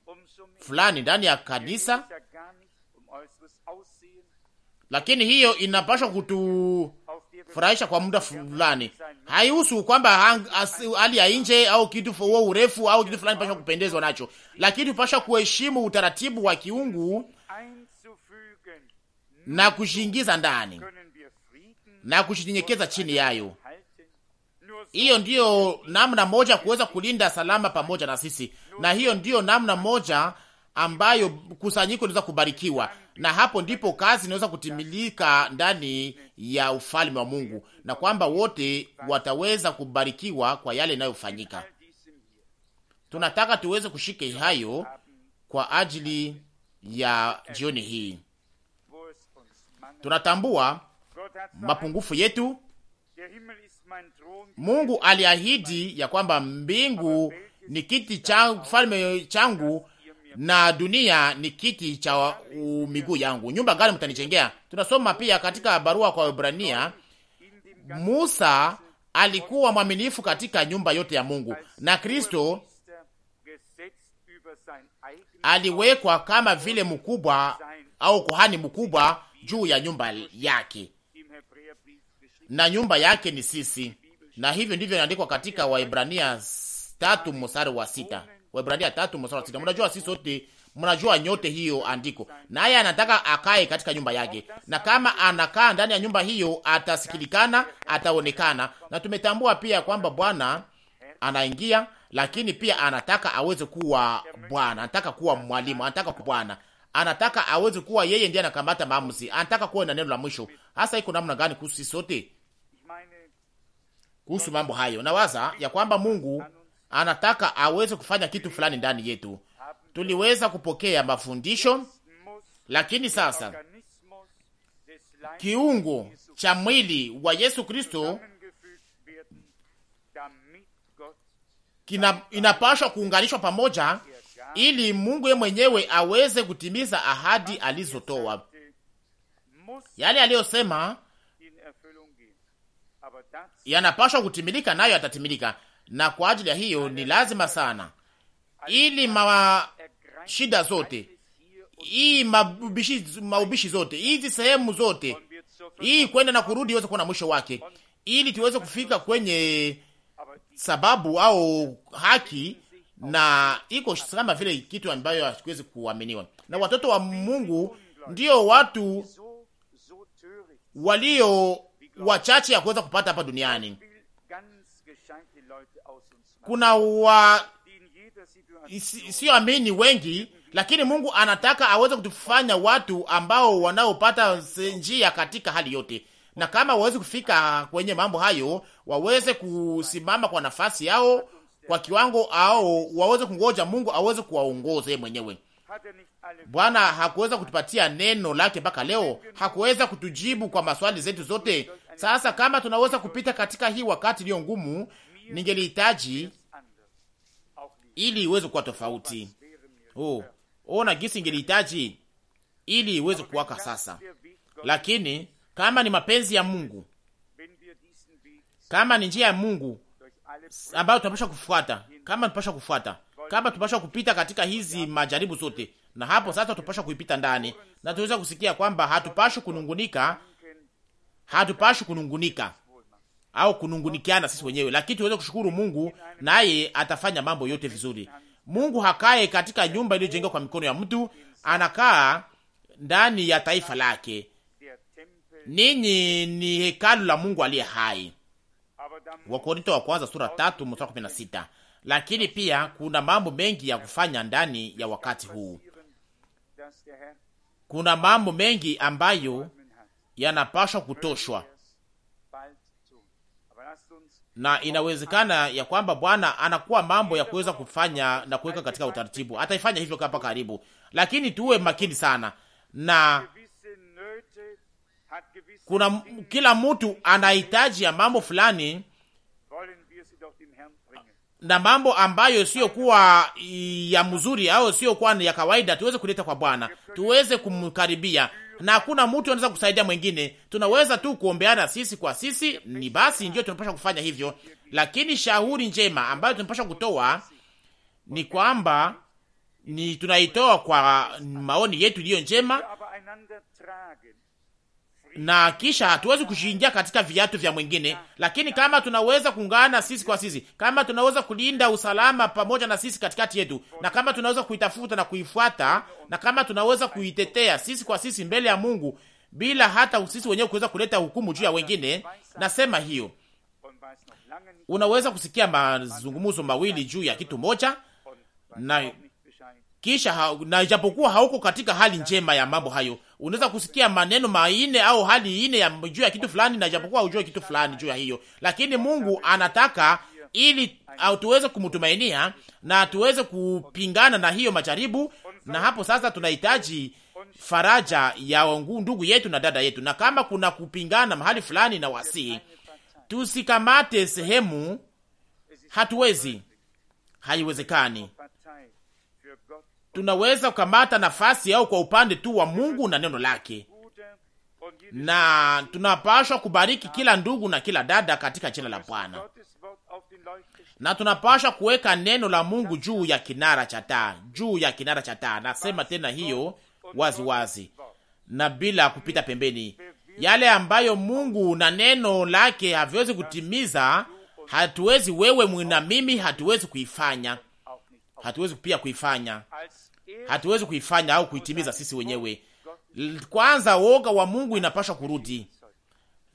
fulani ndani ya kanisa, lakini hiyo inapashwa kutu furahisha kwa muda fulani. Haihusu kwamba hali ya nje au kitu fuo urefu au kitu fulani pasha kupendezwa nacho, lakini pasha kuheshimu utaratibu wa kiungu na kushiingiza ndani na kushinyenyekeza chini yayo. Hiyo ndiyo namna moja kuweza kulinda salama pamoja na sisi, na hiyo ndiyo namna moja ambayo kusanyiko linaweza kubarikiwa na hapo ndipo kazi inaweza kutimilika ndani ya ufalme wa Mungu, na kwamba wote wataweza kubarikiwa kwa yale inayofanyika Tunataka tuweze kushike hayo kwa ajili ya jioni hii. Tunatambua mapungufu yetu. Mungu aliahidi ya kwamba mbingu ni kiti cha ufalme changu na dunia ni kiti cha miguu yangu. Nyumba gani mtanijengea? Tunasoma pia katika barua kwa Waebrania, Musa alikuwa mwaminifu katika nyumba yote ya Mungu, na Kristo aliwekwa kama vile mkubwa au kuhani mkubwa juu ya nyumba yake, na nyumba yake ni sisi, na hivyo ndivyo inaandikwa katika Waebrania tatu mstari wa sita. Waebrania tatu mstari wa sita. Mnajua sisi sote mnajua nyote hiyo andiko, naye anataka akae katika nyumba yake, na kama anakaa ndani ya nyumba hiyo atasikilikana, ataonekana. Na tumetambua pia kwamba Bwana anaingia, lakini pia anataka aweze kuwa Bwana, anataka kuwa mwalimu, anataka kuwa Bwana, anataka aweze kuwa yeye ndiye anakamata maamuzi, anataka kuwa na neno la mwisho. Hasa iko namna gani kuhusu sisi sote kuhusu mambo hayo? Nawaza ya kwamba Mungu anataka aweze kufanya kitu fulani ndani yetu. Tuliweza kupokea mafundisho, lakini sasa kiungo cha mwili wa Yesu Kristo inapashwa kuunganishwa pamoja ili Mungu yeye mwenyewe aweze kutimiza ahadi alizotoa, yale aliyosema yanapashwa kutimilika, nayo yatatimilika na kwa ajili ya hiyo ni lazima sana, ili mashida shida zote hii maubishi, maubishi zote hizi sehemu zote hii kwenda na kurudi iweze kuwa na mwisho wake, ili tuweze kufika kwenye sababu au haki, na iko kama vile kitu ambayo hakiwezi kuaminiwa na watoto wa Mungu. Ndio watu walio wachache ya kuweza kupata hapa duniani kuna wa siyoamini wengi, lakini Mungu anataka aweze kutufanya watu ambao wanaopata njia katika hali yote, na kama waweze kufika kwenye mambo hayo, waweze kusimama kwa nafasi yao kwa kiwango ao, waweze kungoja Mungu aweze kuwaongoza mwenyewe. Er Bwana hakuweza kutupatia neno lake mpaka leo, hakuweza kutujibu kwa maswali zetu zote. Sasa kama tunaweza kupita katika hii wakati iliyo ngumu ningelihitaji ili iweze kuwa tofauti. Oh, ona gisi ingelihitaji ili iweze kuwaka sasa. Lakini kama ni mapenzi ya Mungu, kama ni njia ya Mungu ambayo tunapasha kufuata, kama tunapasha kufuata, kama tunapasha kupita katika hizi majaribu zote, na hapo sasa tunapasha kuipita ndani, na tunaweza kusikia kwamba hatupashi kunungunika, hatupashi kunungunika au kunungunikiana sisi wenyewe, lakini tuweze kushukuru Mungu naye atafanya mambo yote vizuri. Mungu hakae katika nyumba iliyojengwa kwa mikono ya mtu, anakaa ndani ya taifa lake. Ninyi ni hekalu la Mungu aliye hai, Wakorinto wa kwanza sura tatu mstari kumi na sita. Lakini pia kuna mambo mengi ya kufanya ndani ya wakati huu, kuna mambo mengi ambayo yanapashwa kutoshwa na inawezekana ya kwamba Bwana anakuwa mambo ya kuweza kufanya na kuweka katika utaratibu, ataifanya hivyo hapa karibu, lakini tuwe makini sana na kuna kila mtu anahitaji ya mambo fulani na mambo ambayo siyokuwa ya mzuri au siyokuwa ya kawaida, tuweze kuleta kwa Bwana, tuweze kumkaribia na hakuna mtu anaweza kusaidia mwingine. Tunaweza tu kuombeana sisi kwa sisi, ni basi ndio tunapasha kufanya hivyo, lakini shauri njema ambayo tunapasha kutoa ni kwamba ni tunaitoa kwa maoni yetu iliyo njema na kisha hatuwezi kushinjia katika viatu vya mwingine, lakini kama tunaweza kuungana sisi kwa sisi, kama tunaweza kulinda usalama pamoja na sisi katikati yetu, na kama tunaweza kuitafuta na kuifuata, na kama tunaweza kuitetea sisi kwa sisi mbele ya Mungu bila hata sisi wenyewe kuweza kuleta hukumu juu ya wengine, nasema hiyo. Unaweza kusikia mazungumzo mawili juu ya kitu moja na kisha ha, na ijapokuwa hauko katika hali njema ya mambo hayo Unaweza kusikia maneno maine au hali ine ya juu ya kitu fulani, na japokuwa ujue kitu fulani juu ya hiyo, lakini Mungu anataka ili tuweze kumtumainia na tuweze kupingana na hiyo majaribu, na hapo sasa tunahitaji faraja ya ndugu yetu na dada yetu, na kama kuna kupingana mahali fulani, na wasii tusikamate sehemu, hatuwezi, haiwezekani tunaweza kukamata nafasi yao kwa upande tu wa Mungu na neno lake, na tunapashwa kubariki kila ndugu na kila dada katika jina la Bwana, na tunapashwa kuweka neno la Mungu juu ya kinara cha taa, juu ya kinara cha taa. Nasema tena hiyo wazi wazi na bila kupita pembeni. Yale ambayo Mungu na neno lake haviwezi kutimiza, hatuwezi wewe na mimi, hatuwezi kuifanya, hatuwezi pia kuifanya hatuwezi kuifanya au kuitimiza sisi wenyewe. Kwanza woga wa Mungu inapashwa kurudi.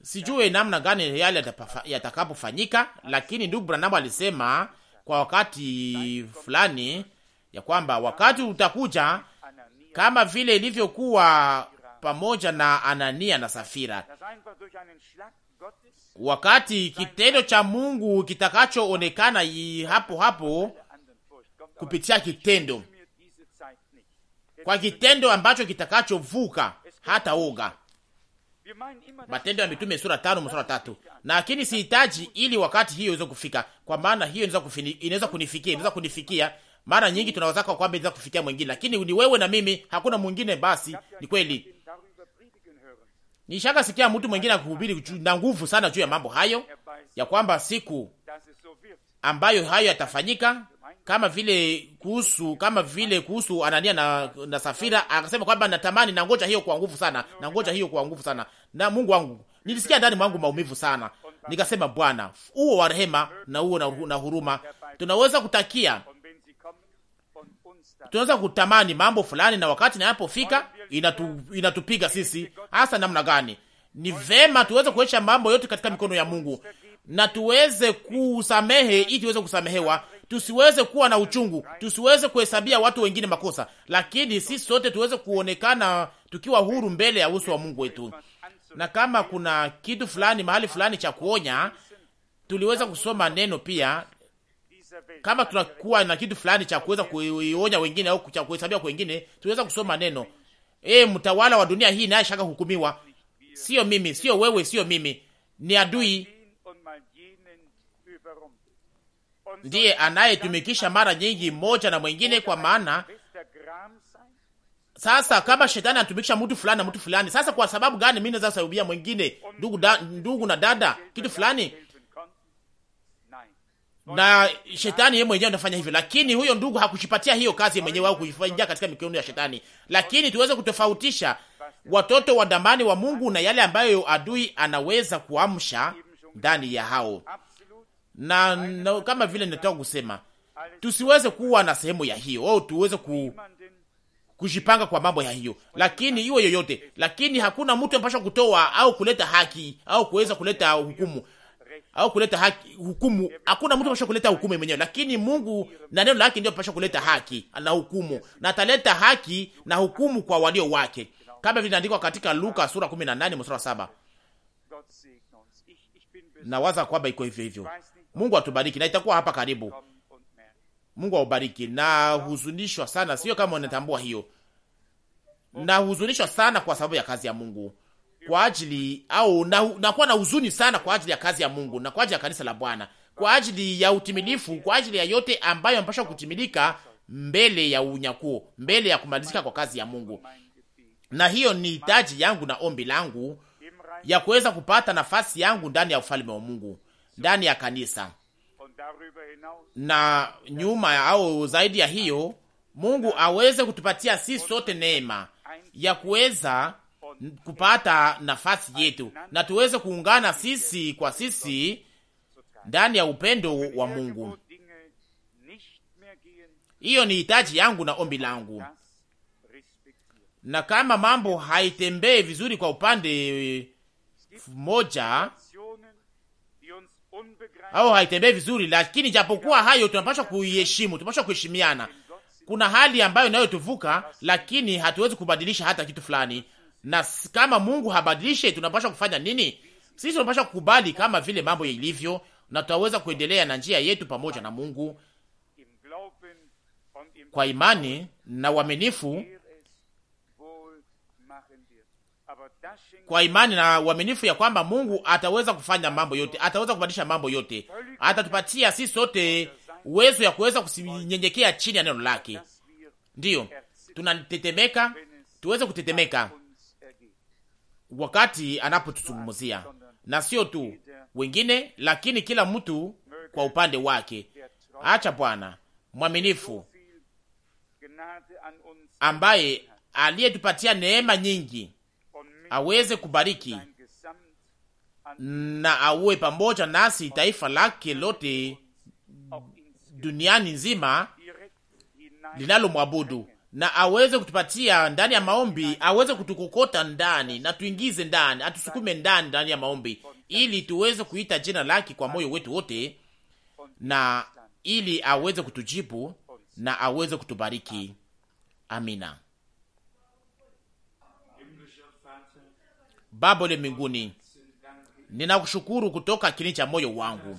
Sijue namna gani yale yatakapofanyika, lakini ndugu Branham alisema kwa wakati fulani ya kwamba wakati utakuja kama vile ilivyokuwa pamoja na Anania na Safira, wakati kitendo cha Mungu kitakachoonekana hapo hapo kupitia kitendo kwa kitendo ambacho kitakachovuka hata woga. Matendo ya Mitume sura tano mstari tatu. Lakini sihitaji ili wakati hiyo iweze kufika, kwa maana hiyo inaweza kunifikia, inaweza kunifikia mara nyingi. Tunaweza kwamba inaweza kufikia mwingine, lakini ni wewe na mimi, hakuna mwingine. Basi ni kweli, nishaka sikia mtu mwingine akihubiri na nguvu sana juu ya mambo hayo, ya kwamba siku ambayo hayo yatafanyika kama vile kuhusu kama vile kuhusu Anania na, na Safira akasema kwamba natamani na ngoja hiyo kwa nguvu sana, na ngoja hiyo kwa nguvu sana. Na Mungu wangu nilisikia ndani mwangu maumivu sana, nikasema Bwana, uo wa rehema na uo na huruma. Tunaweza kutakia, tunaweza kutamani mambo fulani, na wakati inapofika inatu, inatupiga sisi hasa namna gani? Ni vema tuweze kuwesha mambo yote katika mikono ya Mungu na tuweze kusamehe ili tuweze kusamehewa tusiweze kuwa na uchungu, tusiweze kuhesabia watu wengine makosa, lakini sisi sote tuweze kuonekana tukiwa huru mbele ya uso wa Mungu wetu. Na kama kuna kitu fulani mahali fulani cha kuonya, tuliweza kusoma neno pia kama tunakuwa na kitu fulani cha kuweza kuionya wengine au cha kuhesabia kwa wengine, tuweza kusoma neno e, mtawala wa dunia hii naye shaka hukumiwa. Sio mimi, sio wewe, sio mimi, ni adui ndiye anayetumikisha mara nyingi moja na mwengine, kwa maana sasa kama shetani anatumikisha mtu fulani na mtu fulani, sasa kwa sababu gani mimi naweza kusaidia mwingine ndugu, da, ndugu na dada kitu fulani, na shetani yeye mwenyewe anafanya hivyo, lakini huyo ndugu hakujipatia hiyo kazi mwenyewe au kuifanyia katika mikono ya shetani. Lakini tuweze kutofautisha watoto wa damani wa Mungu na yale ambayo adui anaweza kuamsha ndani ya hao na, na kama vile nitaka kusema tusiweze kuwa na sehemu ya hiyo au oh, tuweze ku, kujipanga kwa mambo ya hiyo, lakini iwe yoyote, lakini hakuna mtu anapaswa kutoa au kuleta haki au kuweza kuleta hukumu au kuleta haki hukumu. Hakuna mtu anapaswa kuleta hukumu mwenyewe, lakini Mungu na neno lake ndio anapaswa kuleta haki na hukumu, na ataleta haki na hukumu kwa walio wake, kama vile inaandikwa katika Luka sura 18 mstari wa 7. Nawaza kwamba iko hivyo hivyo. Mungu atubariki, na itakuwa hapa karibu. Mungu aubariki. Na huzunishwa sana, sio kama unatambua hiyo, na huzunishwa sana kwa sababu ya kazi ya Mungu kwa ajili au na, nakuwa na, na huzuni sana kwa ajili ya kazi ya Mungu na kwa ajili ya kanisa la Bwana, kwa ajili ya utimilifu, kwa ajili ya yote ambayo amepasha kutimilika mbele ya unyakuo, mbele ya kumalizika kwa kazi ya Mungu. Na hiyo ni hitaji yangu na ombi langu ya kuweza kupata nafasi yangu ndani ya ufalme wa Mungu, ndani ya kanisa, na nyuma au zaidi ya hiyo, Mungu aweze kutupatia sisi sote neema ya kuweza kupata nafasi yetu na tuweze kuungana sisi kwa sisi ndani ya upendo wa Mungu. Hiyo ni hitaji yangu na ombi langu, na kama mambo haitembei vizuri kwa upande moja, au haitembei vizuri, lakini japokuwa hayo tunapaswa kuiheshimu, tunapaswa kuheshimiana. Kuna hali ambayo inayotuvuka, lakini hatuwezi kubadilisha hata kitu fulani. Na kama Mungu habadilishe, tunapaswa kufanya nini? Sisi tunapaswa kukubali kama vile mambo ilivyo na tutaweza kuendelea na njia yetu pamoja na Mungu kwa imani na uaminifu kwa imani na uaminifu ya kwamba Mungu ataweza kufanya mambo yote, ataweza kubadilisha mambo yote, atatupatia sisi sote uwezo ya kuweza kusinyenyekea chini ya neno lake. Ndiyo tunatetemeka, tuweze kutetemeka wakati anapotuzungumzia, na sio tu wengine, lakini kila mtu kwa upande wake. Acha Bwana mwaminifu ambaye aliyetupatia neema nyingi aweze kubariki na auwe pamoja nasi taifa lake lote duniani nzima linalomwabudu na aweze kutupatia ndani ya maombi, aweze kutukokota ndani na tuingize ndani, atusukume ndani ndani ya maombi, ili tuweze kuita jina lake kwa moyo wetu wote, na ili aweze kutujibu na aweze kutubariki. Amina. Baba uliye mbinguni, ninakushukuru kutoka kini cha moyo wangu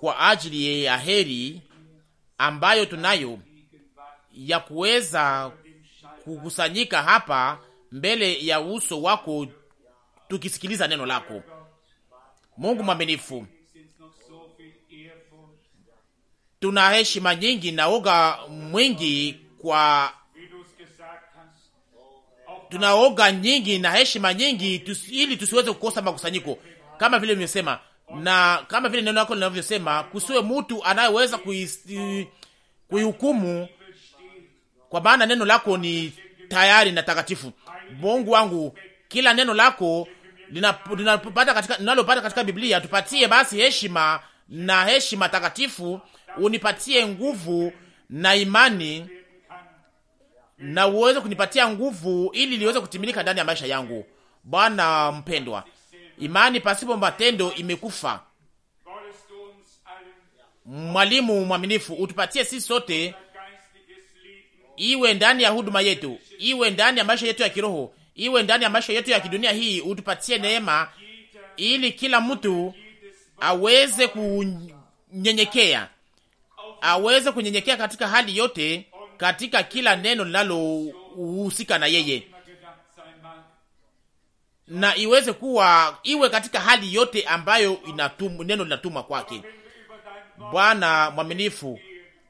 kwa ajili ya heri ambayo tunayo ya kuweza kukusanyika hapa mbele ya uso wako tukisikiliza neno lako. Mungu mwaminifu, tuna heshima nyingi na oga mwingi kwa tunaoga nyingi na heshima nyingi tusi, ili tusiweze kukosa makusanyiko kama vile nimesema, na kama vile neno lako linavyosema, kusiwe mtu anayeweza kuihukumu, kwa maana neno lako ni tayari na takatifu. Mungu wangu, kila neno lako linalopata katika, linalopata katika Biblia tupatie basi heshima na heshima takatifu, unipatie nguvu na imani na uweze kunipatia nguvu ili liweze kutimilika ndani ya maisha yangu. Bwana mpendwa, imani pasipo matendo imekufa. Mwalimu mwaminifu, utupatie sisi sote, iwe ndani ya huduma yetu, iwe ndani ya maisha yetu ya kiroho, iwe ndani ya maisha yetu ya kidunia hii, utupatie neema ili kila mtu aweze kunyenyekea, aweze kunyenyekea katika hali yote katika kila neno linalohusika na yeye, na iweze kuwa iwe katika hali yote ambayo inatum, neno linatumwa kwake. Bwana mwaminifu,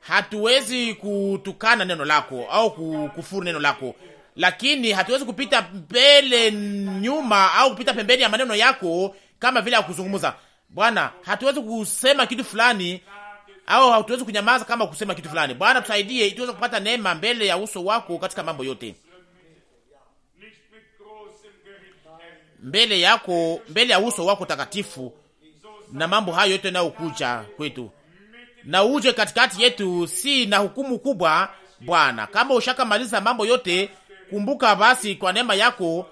hatuwezi kutukana neno lako au kukufuru neno lako, lakini hatuwezi kupita mbele nyuma au kupita pembeni ya maneno yako kama vile ya kuzungumza Bwana. Hatuwezi kusema kitu fulani au hatuwezi kunyamaza kama kusema kitu fulani. Bwana tusaidie, tuweze kupata neema mbele ya uso wako katika mambo yote, mbele yako, mbele ya uso wako takatifu, na mambo hayo yote yanayokuja kwetu, na uje katikati yetu, si na hukumu kubwa. Bwana, kama ushakamaliza mambo yote, kumbuka basi kwa neema yako.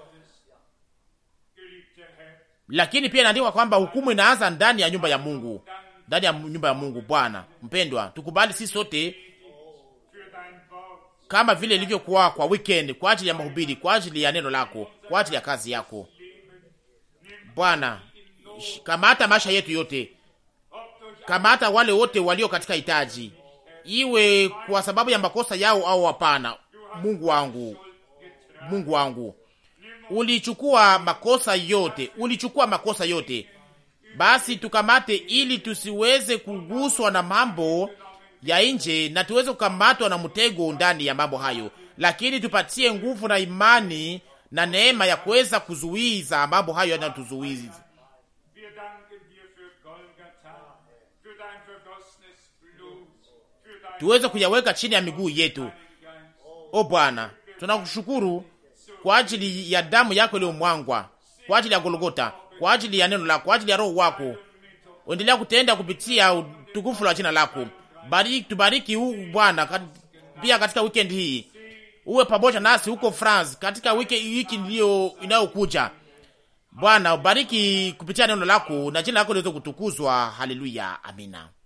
Lakini pia inaandikwa kwamba hukumu inaanza ndani ya nyumba ya Mungu ndani ya nyumba ya Mungu. Bwana mpendwa, tukubali sisi sote kama vile ilivyokuwa kwa weekend, kwa ajili ya mahubiri, kwa ajili ya neno lako, kwa ajili ya kazi yako. Bwana, kamata maisha yetu yote, kamata wale wote walio katika hitaji, iwe kwa sababu ya makosa yao au hapana. Mungu wangu, Mungu wangu, ulichukua makosa yote, ulichukua makosa yote basi tukamate ili tusiweze kuguswa na mambo ya nje na tuweze kukamatwa na mtego ndani ya mambo hayo, lakini tupatie nguvu na imani na neema ya kuweza kuzuiza mambo hayo yanatuzuiza. Tuweze kuyaweka chini ya miguu yetu. O Bwana, tunakushukuru kwa ajili ya damu yako iliyomwangwa, kwa ajili ya Golgota, kwa ajili ya neno lako, kwa ajili ya roho wako. Endelea kutenda kupitia utukufu wa jina lako. Bariki, tubariki huu Bwana pia katika weekend hii uwe pamoja nasi huko France katika wiki wiki inayokuja. Bwana, bariki kupitia neno lako na jina lako liweze kutukuzwa. Haleluya, amina.